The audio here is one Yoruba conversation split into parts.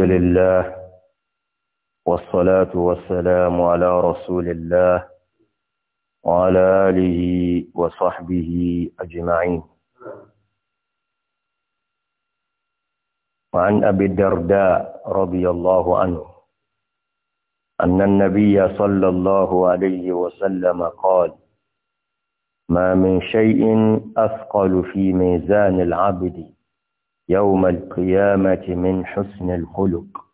الحمد لله والصلاة والسلام على رسول الله وعلى آله وصحبه أجمعين وعن أبي الدرداء رضي الله عنه أن النبي صلى الله عليه وسلم قال ما من شيء أثقل في ميزان العبد يوم القيامة من حسن الخلق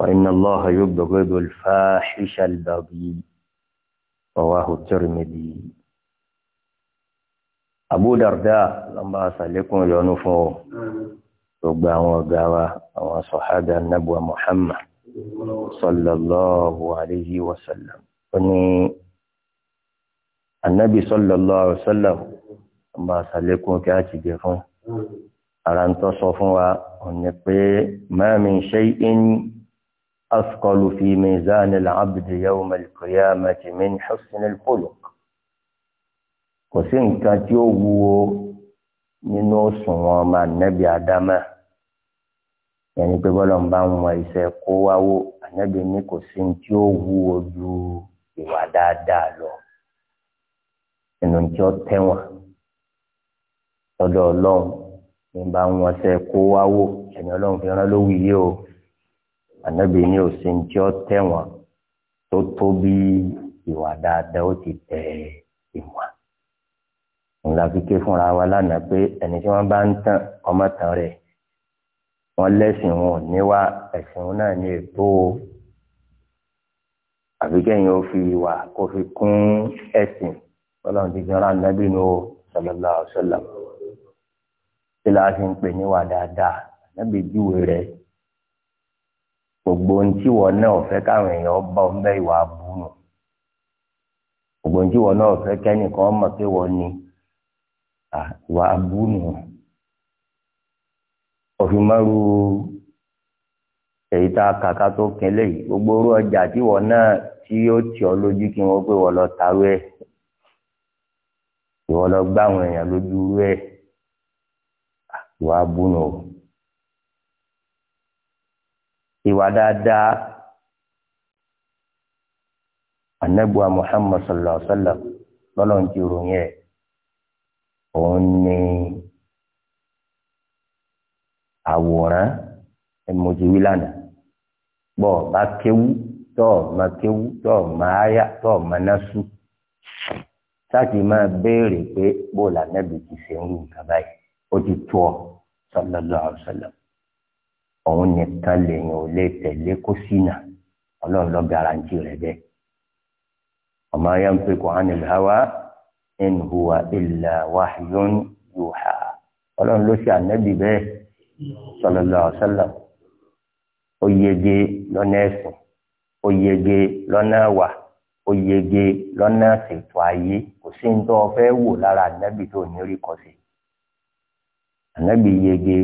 وإن الله يبغض الفاحش البغي رواه الترمذي Abu Darda lọ́nba àṣàlékún ìyọnu fún ọ gbogbo àwọn ọ̀gá wa àwọn sọ̀hádà nàbùwà Muhammad sallallahu alayhi wa sallam ó ní anabi sallallahu alayhi wa sallam kí á ti gbé fún ara ń tọ́ sọ fún wa ọ̀nà pé ma min shay'in athqalu fi mizan al-abdi yawm al-qiyamati min husn al-khuluq kò sí nǹkan tí ó wúwo nínú òṣùwọ̀n ọmọ ànábì ádámà yẹnni pé bọ́lá ń bá ń wọn iṣẹ́ kó wá wò ní kò sí ní tí ó wúwo ju ìwà dáadáa lọ nínú tí ó tẹ̀wọ̀n lọ́dọ̀ ọlọ́run ní bá wọn sẹ kó wá wò ẹni ọlọ́run fi rán lówó yìí o ànábì ní òsín tí ó tẹ̀wọ̀n tó tó bí ìwà dáadáa ó ti tẹ̀ ìwà ńlá fi ké fúnra wa lánàá pé ẹni tí wọ́n bá ń tàn ọmọ tàn rẹ̀ wọ́n lẹ́sìn wọn níwá ẹ̀sìn wọn náà ní ètò àfi ó fi ìwà kó fi kún ẹ̀sìn ọlọ́run ti fi rán ànábì nù sallallahu alaihi wasallam. tí láti ń pè ní wà dáadáa lábẹ́ ìjúwe rẹ̀ gbogbo ohun tí wọn náà fẹ́ káwọn èèyàn bá ọ bẹ́ẹ̀ bú nù gbogbo ohun tí náà fẹ́ kẹ́nìkan mọ̀ pé wọ́n ní bú nù òfin márù èyí tá a gbogbo orú ọjà tí náà tí yóò tì lójú kí pé lọ lọ gbá àwọn èèyàn lójú rú ìwà búnú o ìwà dáadáa anabuwa muhammad sallallahu alaihi wa sallam lọ́lọ́run ti ròyìn ẹ̀ òun ni àwòrán ẹ̀mọ́jìwí lánàá bọ́ bá kéwú tọ́ ma kéwú tọ́ ma áyá tọ́ ma násù sáà máa béèrè pé bó lànà bìtì ṣe ń rú nǹkan ó ti tó ọ sallallahu alaihi wasallam òun nìkan lèèyàn ò lè tẹ̀lé kó sínà ọlọ́run lọ garanti rẹ̀ bẹ́ẹ̀ ọmọ ayé ń pè kó anil hawa in huwa illa wahyun yuha ọlọ́run ló ṣe ànábì bẹ́ẹ̀ sallallahu alaihi ó yege lọ́nà ẹ̀sìn ó yege lọ́nà wà ó yege lọ́nà ṣètò ayé kò sí ní tó o fẹ́ wò lára ànábì tó ní rí kọ́ anabi yege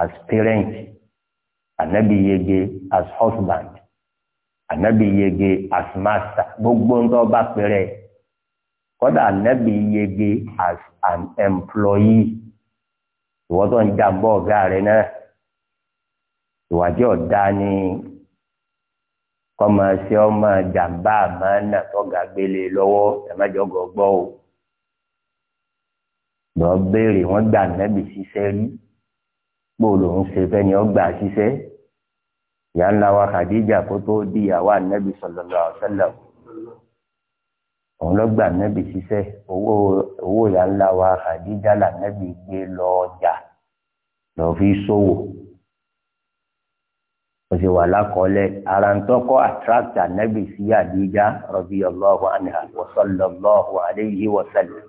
as parent anabi yege as husband anabi yege as master gbogbo ń tọ́ bá pẹ́rẹ́ kódà anabi yege as an employee ìwọ́n tó ń jàǹbọ̀ ọ̀gá rẹ̀ náà ìwádìí ọ̀dá ni kọ́mọ ṣe ọmọ jàǹbá àmọ́ náà tọ́gà gbélé lọ́wọ́ ẹ̀mẹ́jọ gbọ́ o lọ béèrè wọn gbà nẹbi ṣiṣẹ́ rí pé olóhùn ṣe fẹ ni ọ gbà ṣiṣẹ́ ìyá ńlá wa Khadija kó tó di ìyàwó ànẹbi sallallahu alaihi wasallam òun lọ gbà nẹbi ṣiṣẹ́ owó owó ìyá ńlá wa Khadija là nẹbi gbé lọ ọjà lọ fi ṣòwò ó sì wà lákọọlẹ ara ń tọkọ attract ànẹbi sí Khadija radiyallahu anha wa sallallahu alaihi wasallam.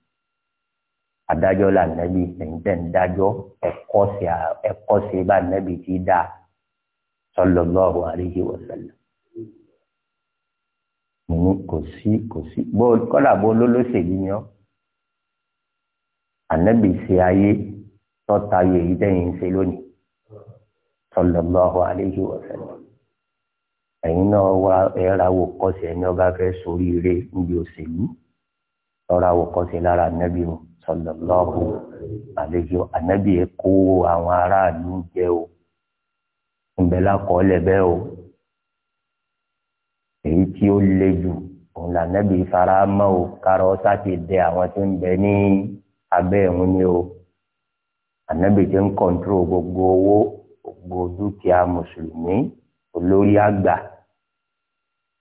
adájọ́ là nẹ́bí ẹ̀ǹtẹ̀ ń dájọ́ ẹ̀kọ́ sí bá nẹ́bí ti dá sallallahu alaihi wasallam. Mo kò sí kò sí bó kọ́là bó lólóṣèlú yan. Ànẹ́bí ṣe ayé tọ́ta ayé yìí tẹ́yìn ń ṣe lónìí sallallahu alaihi wasallam. Ẹ̀yin náà wá ẹ̀ra wò kọ́sì ẹni ọba fẹ́ sórí ire níbi òṣèlú. Lọ́ra wò kọ́sì lára ànẹ́bí wọn sallallahu alayhi ànábì kó àwọn aráàlú jẹ o ìbẹ̀lá kọ́lẹ̀ bẹ́ẹ̀ o èyí tí ó le jù òun lànàbì fara mọ́ o kárọ̀ ọ́sá ti dẹ àwọn tó ń bẹ ní abẹ́ ẹ̀hún ni o ànábì ti ń kọ̀ǹtúrò gbogbo owó gbogbo dúkìá mùsùlùmí olórí àgbà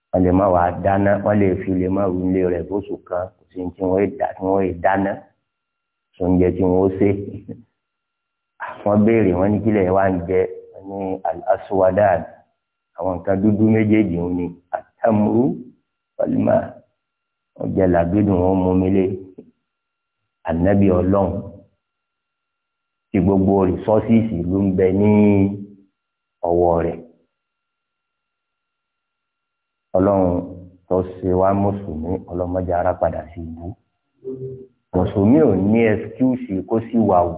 wọ́n lè má wàá dáná wọ́n lè fi lè má wílé rẹ̀ bóṣù kan kò sí ní tí wọ́n yé dáná oúnjẹ tí wọn ó ṣe wọn béèrè wọn ní kílẹ̀ wá ń jẹ ní al àwọn nǹkan dúdú méjèèjì wọn ni àtàmúrú pàlímà wọn jẹ làgbédùn wọn mú mi lé ànábì ọlọ́run tí gbogbo rìsọ́sìsì ló ń bẹ ní ọwọ́ rẹ̀ ọlọ́run tó ṣe wá mùsùlùmí ọlọ́mọdé ara padà sí ìlú mùsùlùmí ò ní ẹsikúùsì kó sì wà o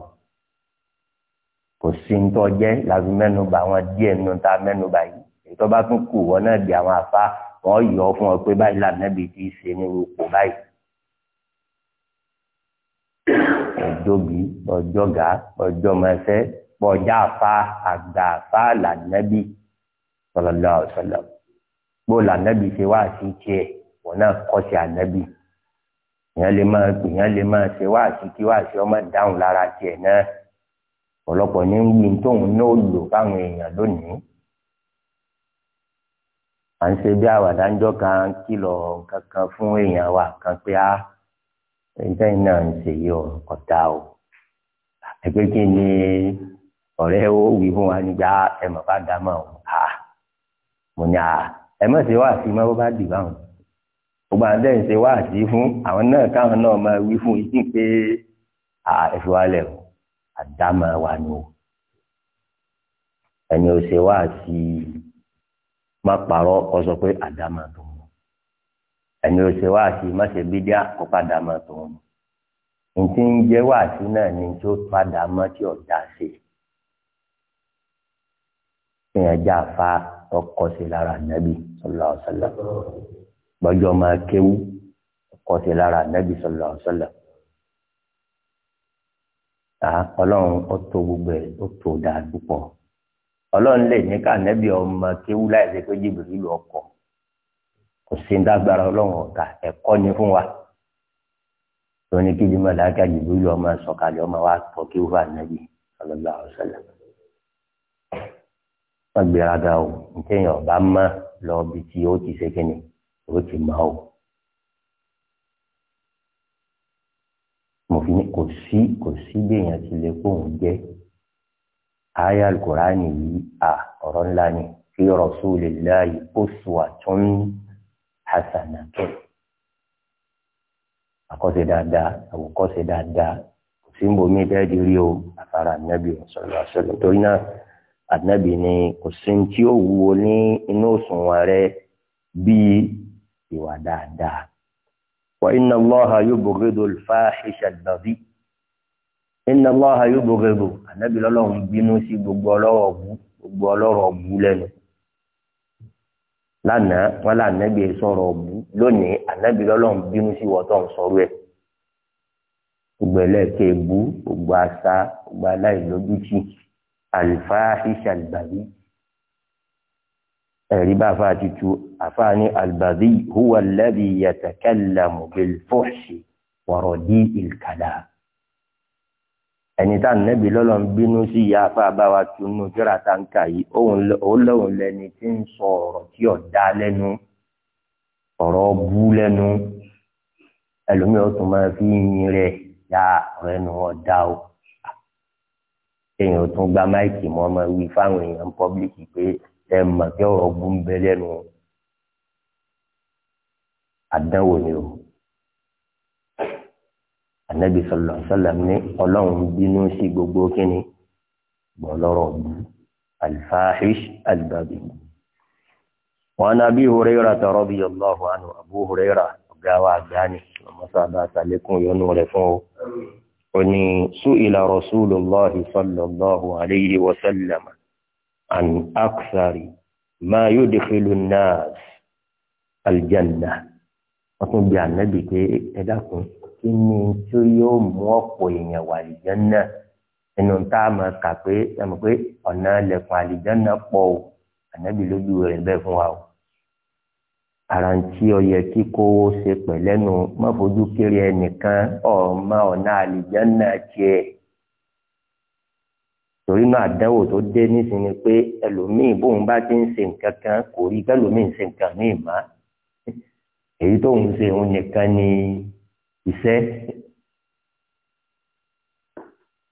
kò sí ń tọ́jẹ́ láti mẹ́nuba àwọn díẹ̀ nínú ta mẹ́nuba yìí ètò bá tún kù wọn náà di àwọn afá wọn yọ fún ọ pé báyìí lànàbí ti ṣe ní ipò báyìí ọjọ́bí ọjọ́gà ọjọ́mọṣẹ́ ọjà afá àgbà afá lànàbí sallallahu alaihi wasallam gbọ́ lànàbí ṣe wá sí tiẹ̀ wọn náà kọ́ sí ànàbí èèyàn lè máa gbìyàn lè máa ṣe wáàsí kí wáàsí ọmọ dáhùn lára tiẹ̀ náà ọ̀pọ̀lọpọ̀ ní wí tóun náà lò fáwọn èèyàn lónìí à ń ṣe bí àwàdà ń jọ kan kìlọ̀ kankan fún èèyàn wa kan pé á ẹ̀jẹ̀ náà ń ṣe yí ọ̀tá o ẹgbẹ́ kí ni ọ̀rẹ́ ó wí fún wa nígbà ẹ̀ bá dá mọ̀ ọ́ mo ní à ẹ̀ mọ̀ sí wáàsí mọ́ bó bá dì báwọn gbogbo àwọn tẹ́yìn ṣe wáàsí fún àwọn náà káwọn náà máa wí fún yín pé àìfiwálẹ̀ o àdámà wa ni o ẹni ò ṣe wáàsí má parọ́ kó sọ pé àdámà tó ń ẹni ò ṣe wáàsí má ṣe bídíà kó padà má tó ń ntí ń jẹ́ wáàsí náà ni tí padà mọ́ tí ò dá sí ìyẹn jáfa ọkọ̀ sí lára nàbì sallallahu alaihi gbọ́jọ́ máa kéwú kọ́sẹ̀ lára nẹ́bí sọ̀lọ̀ sọ̀lọ̀ ọlọ́run ó tó gbogbo ẹ̀ ó tó dáa púpọ̀ ọlọ́run lè ní ká nẹ́bí ọmọ kéwú láì ṣe pé jìbìrì lù ọkọ̀ kò sí dágbára ọlọ́run ọ̀tà ẹ̀kọ́ ni fún wa lóní kí jimá làákà jìbìrì lù ọmọ sọ̀kalẹ̀ ọmọ wa tọ́ kéwú fà nẹ́bí sọ̀lọ̀ sọ̀lọ̀ wọ́n gbéraga o ntẹ̀yìn ó ti mọ̀ ọ́. mo fi ní kò sí kò sí gbèyàn ti lè kó òun jẹ́ aya alukurani yìí a ọ̀rọ̀ ńlá ni fi rasulillahi uswatun hasanatun àkọ́ṣe dáadáa àwòkọ́ṣe dáadáa kò sí ń bomi dáàdi rí o àfàrà ànábì ọ̀sọ̀rọ̀ àṣọlọ torí náà ànábì ni kò sí ní tí ó wúwo ní inú òṣùwọ̀n rẹ bíi ìwà dáadáa. wa inna Allaha yubghidu al-fahisha al-baghi inna Allaha yubghidu ànábì lọ́lọ́run bínú sí gbogbo ọlọ́rọ̀ bú gbogbo ọlọ́rọ̀ bú lẹ́nu. lánàá wọn là ànábì sọ̀rọ̀ bú lónìí ànábì lọ́lọ́run bínú sí wọ́tọ̀ ń sọ̀rọ̀ ẹ̀. gbogbo ẹlẹ́ẹ̀kẹ́ bú gbogbo àṣà gbogbo aláìlójútì al-fahisha al ẹ̀rí bá àfa àti tu àfa ní albadhi huwa alladhi yatakallamu bilfuhshi wọ̀rọ̀dí ìkàlà. ẹni tá nẹ́bi lọ́lọ́ ń bínú sí ìyá afá báwa tunu jọ́ra tá ń kà yìí òun lóun lẹni tí ń sọ ọ̀rọ̀ tí ò dá lẹ́nu ọ̀rọ̀ bú lẹ́nu ẹlòmíràn tún máa fi yin rẹ̀ ya ọ̀rẹ́ nu wọn dá o. èèyàn tún gba máìkì mọ́ ọmọ wí fáwọn èèyàn pọ́blíkì pé ẹ mà kí ọ̀rọ̀ gún bẹ lẹ́nu àdánwò ni o anabi sọlọ sọlọm ní Ọlọ́run bínú sí gbogbo kínní gbọlọrọ bú alfahish albabi wọn abi hurera tọrọ bí yọlọrọ àná abu hurera ọgá wa àgbáni ọmọsàbà sàlékún yọnu rẹ fún o ó su ìlà rọṣúlùlọhì sọlọ lọhùn àlẹyìí wọsẹlẹmà an aksari máa yóò di fílù náà aljanna wọ́n tún gbé ànábì pé ẹ dákun kí ni tí yóò mú ọ̀pọ̀ èèyàn wà aljanna nínú tá a máa kà pé ẹ mọ̀ pé ọ̀nà lẹ̀kùn aljanna pọ̀ o ànábì lójú rẹ̀ bẹ́ẹ̀ fún wa o àràǹtí ọyẹ kíkówó ṣe pẹ̀lẹ́nu mọ́fojú kéré ẹnìkan ọ̀ọ́mọ ọ̀nà aljanna tiẹ̀ torí náà àdánwò tó dé nísìnyí pé ẹlòmíì bóun bá ti ń ṣe nǹkan kan kò rí kẹlòmíì ń ṣe nǹkan míì má èyí tó ń ṣe òun nìkan ni iṣẹ́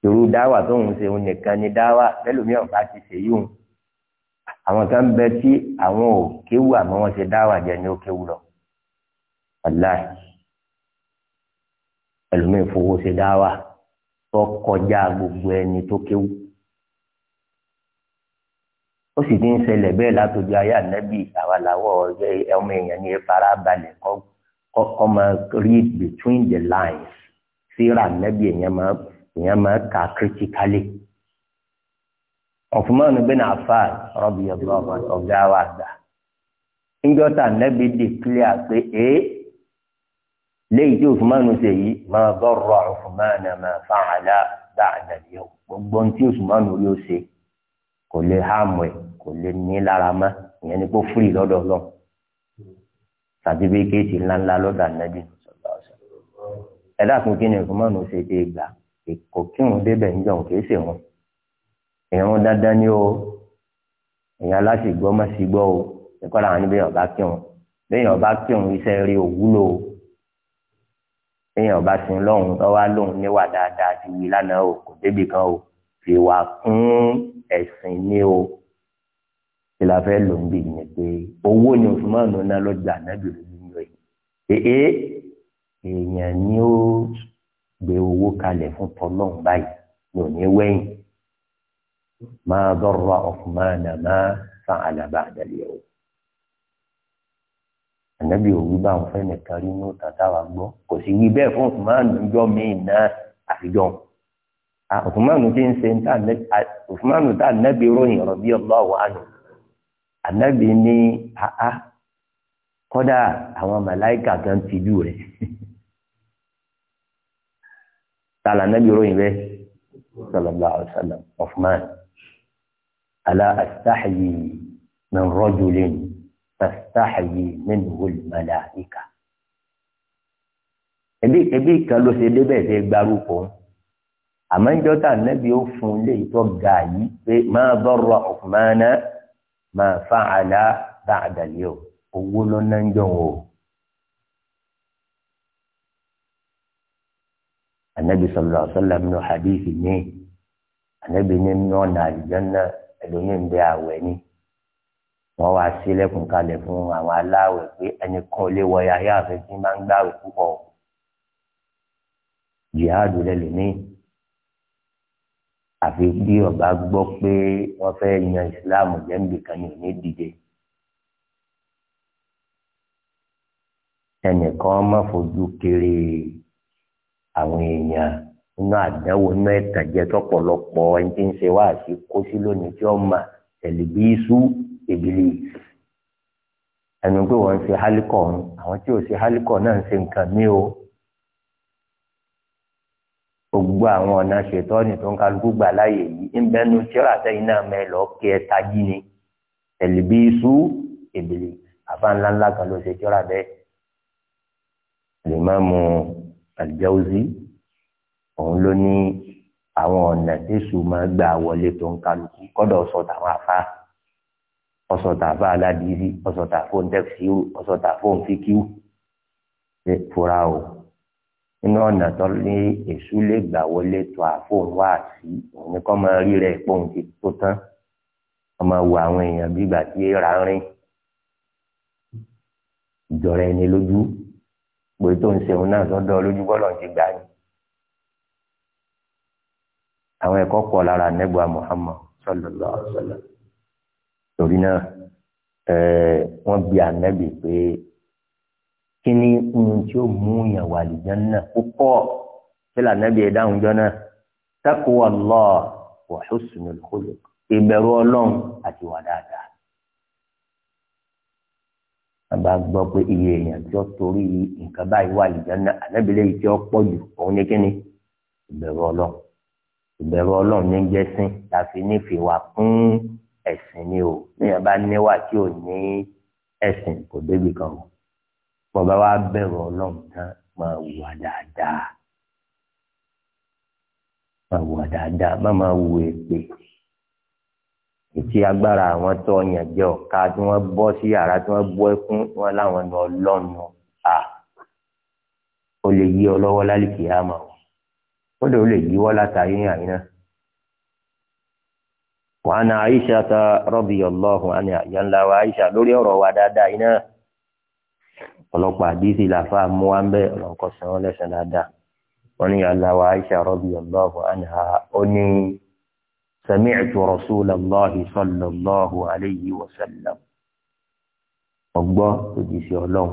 irú dáwà tó ń ṣe òun nìkan ni dáwà kẹlòmíì ọ̀gá ti ṣe yóò àwọn kan bẹ tí àwọn ò kéwù àmọ́ wọ́n ṣe dáwà jẹ ní ó kéwù lọ aláì ẹlòmíì fowó ṣe dáwà tó kọjá gbogbo ẹni tó kéwù sì ti ń ṣẹlẹ̀ bẹ́ẹ̀ látòjú ayé ànábì àwa làwọ̀ ọmọ èèyàn ní fara balẹ̀ kọ́ máa read between the lines síra ànábì èèyàn máa èèyàn máa kà critically. Uthman bin Affan radiyallahu anhu ọ̀gá wa gbà. Níjọ́ta ànábì declare pé ee léyìí tí Uthman ṣe yìí ma darra Uthman ma fa'ala ba'da al-yawm gbogbo ohun tí Uthman yóò ṣe kò lè hàmù ẹ̀ kò lè ní lára mọ́ ìyẹn ni kó fúri lọ́dọ̀ lọ tàbí bí kéèsì ńláńlá lọ́dọ̀ ànábì ẹ dákun kí ni ìfúnmọ́nù ṣe ti gbà kò kí òun débẹ̀ ń jọun kì í ṣe wọn ìrún dandan ni o èèyàn aláṣìgbọ́ má sì gbọ́ o nípa làwọn níbi èèyàn bá kí wọn béèyàn bá kí wọn iṣẹ́ rí òwúlò o béèyàn bá sin lọ́hùn lọ́wọ́ lóhùn níwà dáadáa ti wí lánàá o kò débì kan o fi kún ẹ̀sìn ní o ìlà fẹ́ lò ń bì ní pé owó ni Usman ná lọ́jà nábì lórí ń lọ yìí èé èèyàn ni ó gbé owó kalẹ̀ fún tọ́lọ́hún báyìí ní òní wẹ́yìn máa dọ́rọ̀ Usman máa fa àlàbà àdàlẹ́ o ànábì òwú bá ń fẹ́ nìkan rí inú tàtà wa gbọ́ kò sí wí bẹ́ẹ̀ fún Usman jọ míì náà àfijọ́ Usman ti ń ṣe ń tà Usman tà nábì ròyìn rọ̀bí ọlọ́wọ́ àná ànábì ní àá kọ́dà àwọn màláìkà kan ti dù rẹ̀ tààlà ànábì ròyìn bẹ́ẹ̀ sallallahu alaihi wasallam Uthman ala astahyi min rajulin tastahyi minhu al-malaika ebi ebi kan ló ṣe débẹ̀ ṣe gbárùkù àmọ́ ń jọ́ta ànábì ó fún lè tọ́ gàá yìí pé ma darra Uthmana máa fa àlá bá àdàlẹ́ o owó ló ná ń jọ o. anabi sallallahu alaihi wasallam nínú hadithi ní anabi nínú ọ̀nà àlùjánnà ẹlòmíín bẹ àwẹ̀ ni wọ́n wá sílẹ̀kùn kalẹ̀ fún àwọn aláwẹ̀ pé ẹnìkan lè wọ yàrá àfẹ́sí máa ń gbàwẹ̀ púpọ̀ jihadu lẹ́lòmíín àfi bí ọba gbọ́ pé wọ́n fẹ́ yan ìsìláàmù jẹ́ǹbì kan ní òní dìde. ẹnìkan má fojú kiri àwọn èèyàn nínú àdánwò nínú ẹ̀tàjẹ́ tọ́pọ̀lọpọ̀ ẹni tí ń ṣe wá sí kó sí lónìí tí ó mà tẹ̀lébí sú ìbílí ẹnu pé wọ́n ń ṣe hálíkọ̀ ọ̀hún àwọn tí ò ṣe hálíkọ̀ náà ń ṣe nǹkan mí o gbogbo àwọn ọ̀nà ṣètọ́ni tó ń kálukú gbà láàyè yìí ń bẹnu tíra sẹ́yìn náà mẹ́lọ kí ẹ tají ni tẹ̀lébíṣu èbèlè àfa ńláńlá kan ló ṣe tíra bẹ́ẹ̀ Al-Imamu Al-Jawzi òun ló ní àwọn ọ̀nà tí sùnmọ́ gbà wọlé tó ń kálukú kọ́dọ̀ sọ̀tà àwọn afá ọ̀sọ̀tà afá aládìrí ọ̀sọ̀tà fóun tẹ̀síwù ọ̀sọ̀tà fóun fíkíwù fúra o nínú ọ̀nà tó lé èṣù lè gbà wọlé tó àfóun wá sí òun kọ́ máa rí rẹ̀ pé òun ti tó tán ọmọ wo àwọn èèyàn bí ìgbà tí èèrà ń rìn ìjọra ẹni lójú pé tó ń ṣeun náà sọ́dọ̀ lójú bọ́lọ̀ ti gbà ní. àwọn ẹ̀kọ́ pọ̀ lára nẹ́gbàá Muhammad sallallahu alaihi wasallam torí náà wọ́n bi ànẹ́bì pé kí ni ohun tí ó mú yàn wà lìjánná púpọ̀ tí lànàbí ẹ̀dá àwùjọ náà taqwa Allah wa husnul khuluq ìbẹ̀rù ọlọ́run àti wà dáadáa. Bàbá gbọ́ pé iye èèyàn tí ó torí nǹkan báyìí wà lìjánná ànábìlẹ̀ yìí tí ó pọ̀ jù òun ní kíni ìbẹ̀rù ọlọ́run ìbẹ̀rù ọlọ́run ní jẹ́sìn láfi nífẹ̀ẹ́ wa fún ẹ̀sìn ni o níyàn bá níwà tí ò ní ẹ̀sìn kò débi kan o bọba wa bẹ̀rù Ọlọ́run tán máa wùwà dáadáa máa wùwà dáadáa má máa wù èpè ètí agbára àwọn tó ọyàn jẹ ọ̀ka tí wọ́n bọ́ sí yàrá tí wọ́n bọ́ ẹkún wọn láwọn ní Ọlọ́run à ó lè yí ọ lọ́wọ́ lálìkì yá máa wọ ó lè ó lè yíwọ́ látàrí àyín náà. وعن عائشة رضي الله عنها ينلا وعائشة لوري وروا دادا إنا ọ̀pọ̀lọpọ̀ àdìsí làfà mú wa ń bẹ ọlọ́nkọ san wọn lẹ́sàn dáadáa wọn ní aláwa aisha radiyallahu anha ó ní sami'tu rasulallahi sallallahu alayhi wa sallam ọgbọ́ òjìṣẹ́ ọlọ́run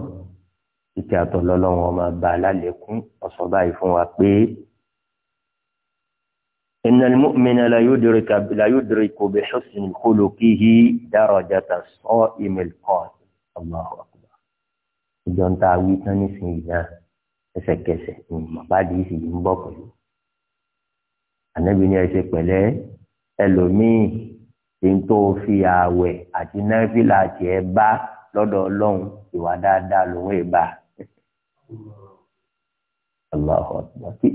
ìkẹ́ àtọ̀lọ́lọ́run ọmọ bá a lálẹ́kún ọ̀sọ̀ báyìí fún wa pé إن المؤمن لا يدرك لا يدرك بحسن خلقه درجة الصائم القائم الله أكبر ìjọ ń ta awí tán nísìnyí náà ẹsẹ̀kẹsẹ̀ mọ̀bádì sì ń bọ̀ pẹ̀lú. ànábi ni ẹsẹ̀ pẹ̀lẹ́ ẹlòmíì tí ń tó fi ààwẹ̀ àti náfìlà àti ẹ̀ bá lọ́dọ̀ ọlọ́run ìwà dáadáa lòun ẹ̀ bá.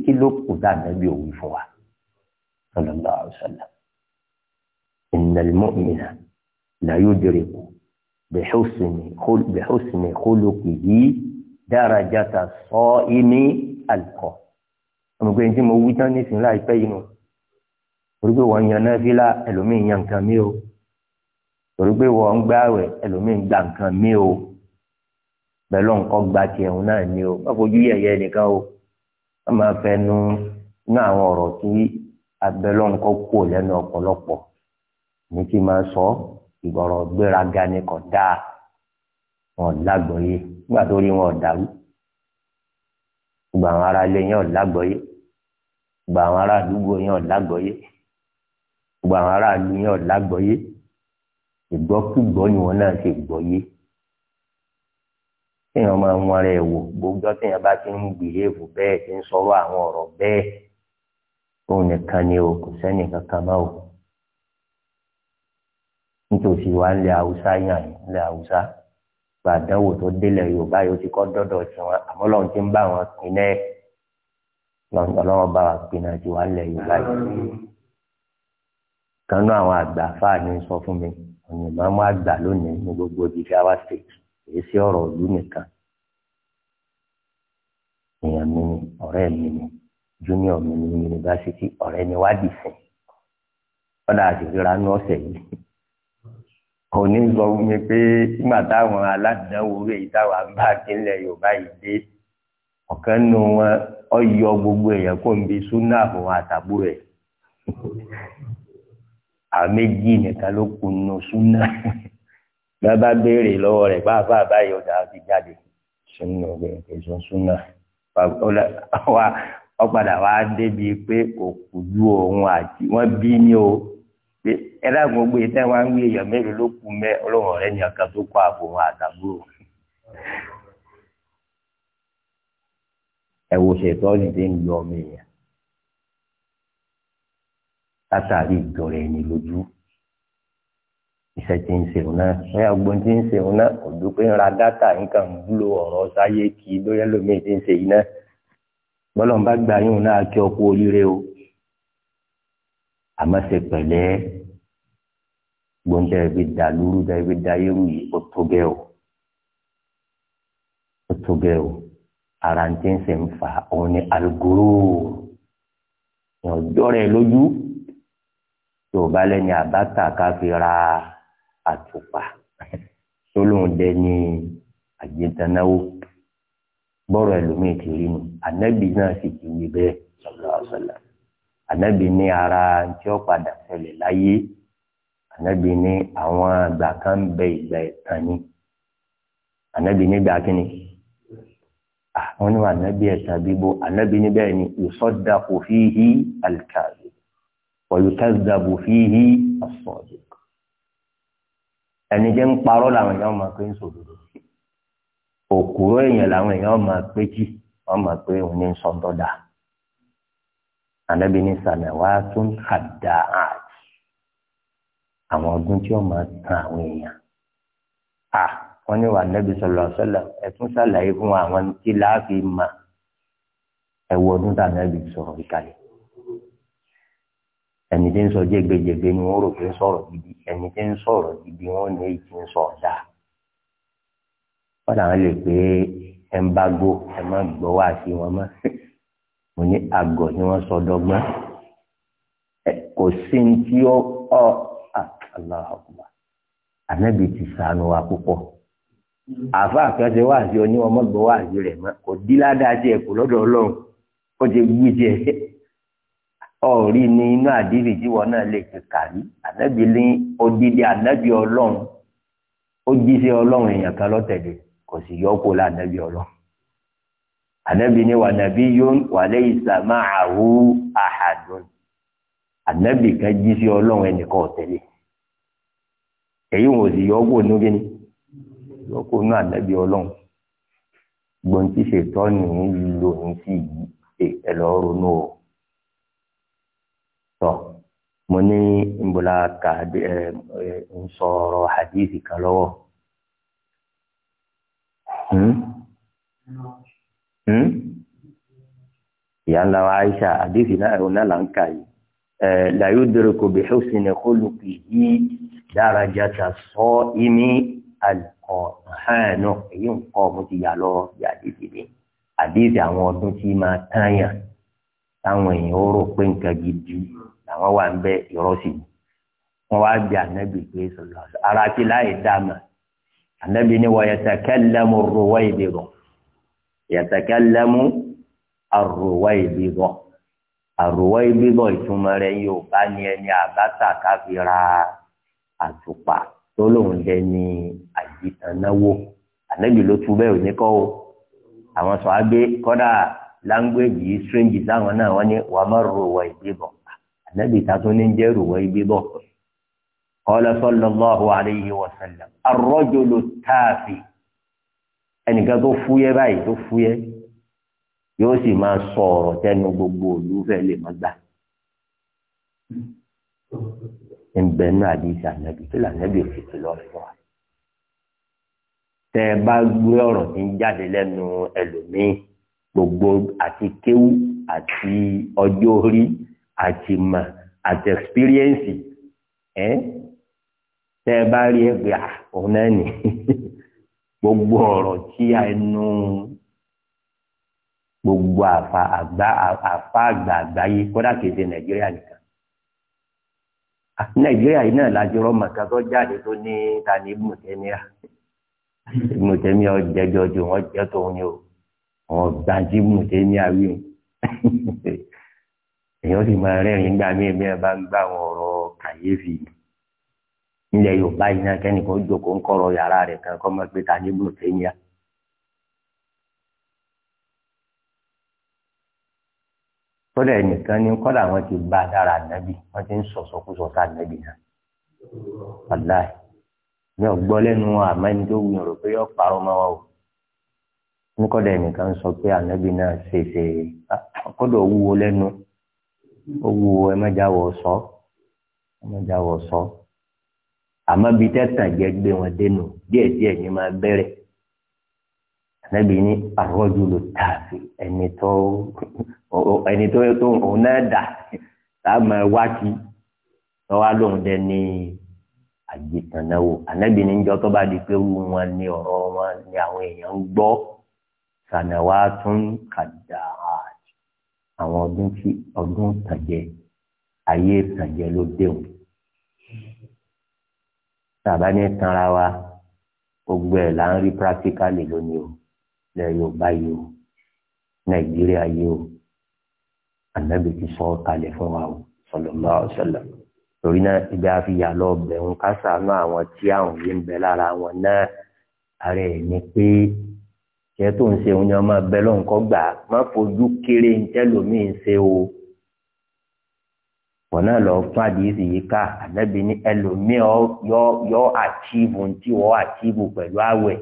kí ló kù dá ànábi òwú fún wa sallallahu alaihi wasallam. innal mu'mina la yudriku bẹ̀hùsìnì kólókìhí dárajàtà sọ ìní àlùkò ọmọkùnrin tí mo wí tán nísìnyí láìpẹ́ yìí nù torí pé wọ́n yan náfìlà ẹlòmíín yan nǹkan mi o torí pé wọ́n ń gbààwẹ̀ ẹlòmíín gba nǹkan mi o bẹ́ẹ̀ ló ń kọ́ gba tiẹ̀ òun náà ni o wọ́n fojú yẹ̀yẹ́ nìkan o wọ́n máa fẹ́ nu ní àwọn ọ̀rọ̀ tí abẹ́lọ́nkọ́ kò lẹ́nu ọ̀pọ̀lọpọ̀ ní kí n máa sọ ọ́ ìgbọ̀rọ̀ gbéraga ni kò dáa wọn lágbọ̀ọ́yé nígbà tó rí wọn ọ̀dàrú gbogbo àwọn ará ilé yẹn ọ̀lágbọ̀ọ́yé gbogbo àwọn ará àdúgbò yẹn ọ̀lágbọ̀ọ́yé gbogbo àwọn ará ìlú yẹn ọ̀lágbọ̀ọ́yé ìgbọ́kúgbọ́ ni wọn náà ṣe gbọ́yé téèyàn máa ń wọn rẹ̀ wò gbogbo téèyàn bá ti ń gbìyèwò bẹ́ẹ̀ ti ń sọ̀rọ̀ àwọn ọ̀rọ̀ bẹ́ẹ̀ òun nìkan ni o kò sẹ́nì kankan máa wò nítòsí wa ń lé haúsá yàn yín lé haúsá gbàdánwò tó délẹ̀ yorùbá yóò ti kọ́ dọ́dọ̀ tí wọn àmọ́ lọ́run ti ń bá wọn pinẹ́ lọ́wọ́ bá wa pinna tí wàá lẹ̀ yorùbá yìí. kanú àwọn àgbà fáà ní sọ fún mi ọ̀nà ìmọ̀ọ́mú àgbà lónìí ní gbogbo ìdíje àwa state èyí sí ọ̀rọ̀ ìlú nìkan. èèyàn mi ni ọ̀rẹ́ mi ni junior mi ni yunifásitì ọ̀rẹ́ ni wádìí sìn. ọ̀dà àti ìríra ní ọ̀sẹ̀ yìí kò ní sọ fún mi pé nígbà táwọn aládàáwò rẹ̀ yìí táwọn àbá kílẹ̀ yorùbá yìí dé ọ̀kan nù wọn ọyọ gbogbo èèyàn kò ń bi súnà àwọn àtàbù rẹ̀ àwọn méjì nìkan ló kù nù súnà bá bá béèrè lọ́wọ́ rẹ̀ bá bá báyìí ọ̀dà ti jáde súnà ọ̀gbìn èso súnà ọ̀padà wá débi pé kò kù ju òun àti wọ́n bí ní o. pé gbogbo àgbọ̀gbọ̀ yìí tẹ́ wá ń wí èèyàn mélòó ló kú mẹ́ ọlọ́run ọka nìyẹn kan tó kọ́ ààbò wọn àtàbúrò. ẹ wo ṣètò tí ń ẹni lójú tí ń ṣeun náà ẹ tí ń ṣeun náà kò ń ra dátà ọ̀rọ̀ sáyé kí lóyè lómi ń ṣe bọ́lọ̀ ń bá gbà yín náà kí ọkú àmọ́ ṣe pẹ̀lẹ́ gbóúnjẹ ibi da lóru da ibi da yẹ́rù yìí ó tó gẹ́ o ó tó gẹ́ o ara ń tẹ́ ń sẹ̀ ń fa òun ni alugoro ọjọ́ rẹ̀ lójú tó o bá lẹ́ni àbáta ká fi ra àtùpà tó lóun dẹni àjẹtanáwó bọ́rọ̀ ẹlòmíì ti rí nu ànábì náà sì ti wí bẹ́ẹ̀ sallallahu alaihi wasallam ànábì ní ara tí ó padà ṣẹlẹ̀ láyé ànábì ní àwọn àgbà kan bẹ ìgbà ẹ̀tàn ni ànábì nígbà kínní àwọn onímọ̀ ànábì ẹ̀tàn bíbo ànábì níbẹ̀ ni yusaddaqu fihi al-kadhib wa yukazzabu fihi as-sadiq ẹni jẹ́ ń parọ́ làwọn èèyàn máa pé ń sòdodo òkúrò èèyàn làwọn èèyàn máa pé kí wọ́n máa pé òun ní sọ́ńtọ́ dáa anabi ní sanawatun khadda'at àwọn ọdún tí wọn máa tan àwọn èèyàn à wọn ní wà nẹbi sọlọ sọlọ ẹtún ṣàlàyé fún àwọn tí láàfin ma ẹwọ ọdún tá nẹbi sọ̀rọ̀ ìkàlẹ̀ ẹni tí ń sọ jẹgbẹjẹgbẹ ni wọn rò pé ń sọ̀rọ̀ gidi ẹni tí ń sọ̀rọ̀ gidi wọn ní èyí tí ń sọ ọdá wọn làwọn lè pé ẹ ń bá gbó ẹ má gbọ́ wá sí wọn mọ́. mo ní àgọ̀ ni wọ́n sọ dọ́gbọ́n kò sí ní tí ó ọ aláhàkùnà ànábì ti sànù wa púpọ̀ àfa àkànṣe wáàzí ọ ní ọmọ gbọ́ wáàzí rẹ̀ mọ́ kò dí ládàá jẹ́ lọ́dọ̀ ọlọ́run ó ti gbé jẹ́ ọ̀rí ni inú àdìrí tí wọn náà lè fi kàrí ànábì ní odidi ànábì ọlọ́run ó jíṣẹ́ ọlọ́run èèyàn kan lọ́tẹ̀lẹ̀ kò sì yọ kó lá ọlọ́run. anabi ni wa nabi yun wa laysa ma'ahu ahadun anabi kan jí sí ọlọ́run ẹnìkan ọ̀tẹ̀lẹ̀ èyí wọn ò sì yọ ọkọ onú gíní yọ ọkọ anabi ọlọ́run gbọ̀ntì ṣètọ́ nìyí lílo ní sí ẹ mo ní ka ẹ ń sọ̀rọ̀ hadith kan lọ́wọ́. Hmm? ìyá ńlá wa Aisha àdéhùn náà ẹ̀rọ náà là ń kà yìí la yudriku bi husni khuluqihi darajata as-sa'imi al-qan'anu èyí ń kọ́ mo ti yà lọ bí àdéhùn ni àdéhùn àwọn ọdún tí máa tààyàn táwọn èèyàn ó rò pé nǹkan gidi làwọn wà ń bẹ ìrọsì wọn wá bí ànábì pé sọlọ ara ti láì dá mà ànábì ni wa yatakallamu ar-ruwaybidu yàtàkàlẹ́mú àrùwá ìbíbọ̀ àrùwá ìbíbọ̀ ìtumọ̀ rẹ̀ yóò bá ní ẹni àbáta káfíra àtùpà tó lóun jẹ́ ní àjìtànáwó ànábì ló tú bẹ́ẹ̀ oníkọ́ o àwọn sọ agbé kọ́dà láńgbéèjì strange táwọn náà wọ́n ní wàá má rùwá ìbíbọ̀ ànábì tàtún ní jẹ́ rùwá ìbíbọ̀ qala sallallahu alayhi wa sallam ar-rajulu ẹnìkan tó fúyẹ́ báyìí tó fúyẹ́ yóò sì máa sọ ọ̀rọ̀ tẹnu gbogbo òlú fẹ́ lè má gbà ẹnbẹ náà di ìṣe ànábì kí lànábì ò fi lọ fún wa. tẹ ẹ bá gbé ọ̀rọ̀ tí ń jáde lẹ́nu ẹlòmíín gbogbo àti kéwú àti ọjọ́ orí àti mà àti ẹ̀xpíríẹ̀nsì ẹ tẹ ẹ bá rí ẹ pé à òun náà nì gbogbo ọ̀rọ̀ tí ẹnu gbogbo àfa àgbà àfa àgbà àgbáyé kódà kéde nàìjíríà nìkan nàìjíríà yìí náà lájọrọ màkà tó jáde tó ní ta ní mùtẹ́míà mùtẹ́míà ọ̀jẹ̀jọ́ ju wọ́n jẹ́ tòun ni o wọ́n gbàǹtí mùtẹ́míà wí èèyàn sì máa rẹ́rìn gbà mí ẹ̀ bá ń gbà wọn ọ̀rọ̀ kàyéfì yìí ilẹ̀ yorùbá yìí náà kẹ́nìkan jókòó ń kọ̀rọ̀ yàrá rẹ̀ kan kọ́ mọ́ pé ta ní ibùdó tẹ́yìn yá. kódà ẹnìkan ní kódà wọn ti bá dára nàbì wọn ti ń sọ̀sọ̀kúsọ̀ sá nàbì náà wàláì mi ò gbọ́ lẹ́nu àmọ́ ẹni tó wuyàn rò pé yọ parọ́ mọ́ wa o ní kódà ẹnìkan sọ pé ànábì náà ṣèṣe ah, kódà wúwo lẹ́nu ó wúwo ẹ mẹ́jáwọ̀ sọ ẹ mẹ́jáwọ̀ sọ àmọ́ bí tẹ́tàn jẹ́ gbé wọn dénú díẹ̀ díẹ̀ ní máa bẹ̀rẹ̀ ànábì ní àrọ́jù ló tààfì ẹni tó ẹni tó tó òun náà dà táàmù ẹ wá kí lọ́wọ́ lóun dẹ ní àjìtànáwó ànábì ní jọ́ tó bá di pé wọn ní ọ̀rọ̀ wọn ní àwọn èèyàn ń gbọ́ sànàwá tún kàdàrà àwọn ọdún tí ọdún tàjẹ ayé tàjẹ ló déhùn tàbá ní tanra wa gbogbo ẹ̀ là ń rí practically lónìí o lẹ Yorùbá yìí o Nàìjíríà yìí o ànábì ti sọ kalẹ̀ fún wa o sallallahu alaihi wasallam torí náà ibi àfihà lọ bẹ̀rùn kásánù àwọn tí àwọn yìí ń bẹ lára wọn náà ààrẹ ẹ̀ ní pé ṣé tó ń ṣe òun ni wọn máa bẹ lọ́nkọ́ gbà má fojú kéré ń tẹ́lòmíì ń ṣe o wọn náà lọ tún àdìsí yìí ká ànábì ní ẹlòmíì yọ yọ àtìvù tí wọ́n àtìvù pẹ̀lú àwẹ̀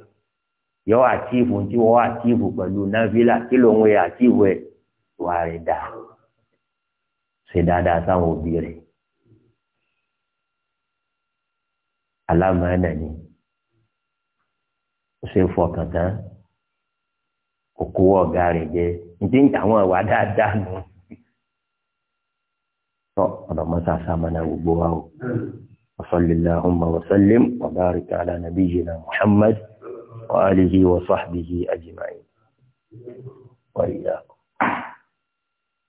yọ àtìvù tí wọ́n àtìvù pẹ̀lú náfìlà kí ló ń wẹ̀ àtìvù ẹ̀ wà rẹ̀ dà ṣe dáadáa sáwọn òbí rẹ̀ alámọ̀ọ́nà ni ó ṣe fọkàn òkú ọ̀gá rẹ̀ jẹ́ ní ti ń tàwọn ìwà dáadáa nù. ọlọ́mọ́sá sàmánà gbogbo wa o وصل اللهم وسلم وبارك على نبينا محمد وآله وصحبه أجمعين وإياكم